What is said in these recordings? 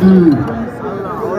Allah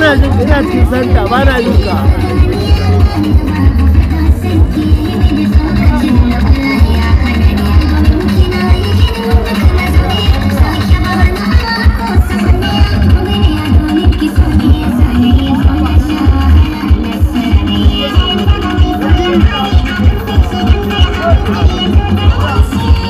bana jin ina cikin santa bana na jin ka Thank you.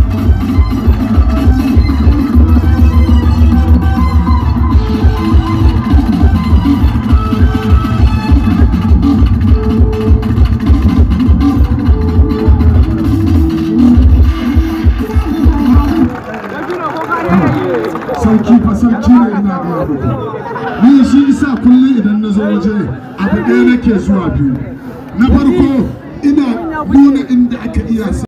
na zo waje abu ɗaya nake zuwa biyu na farko ina nuna inda aka iya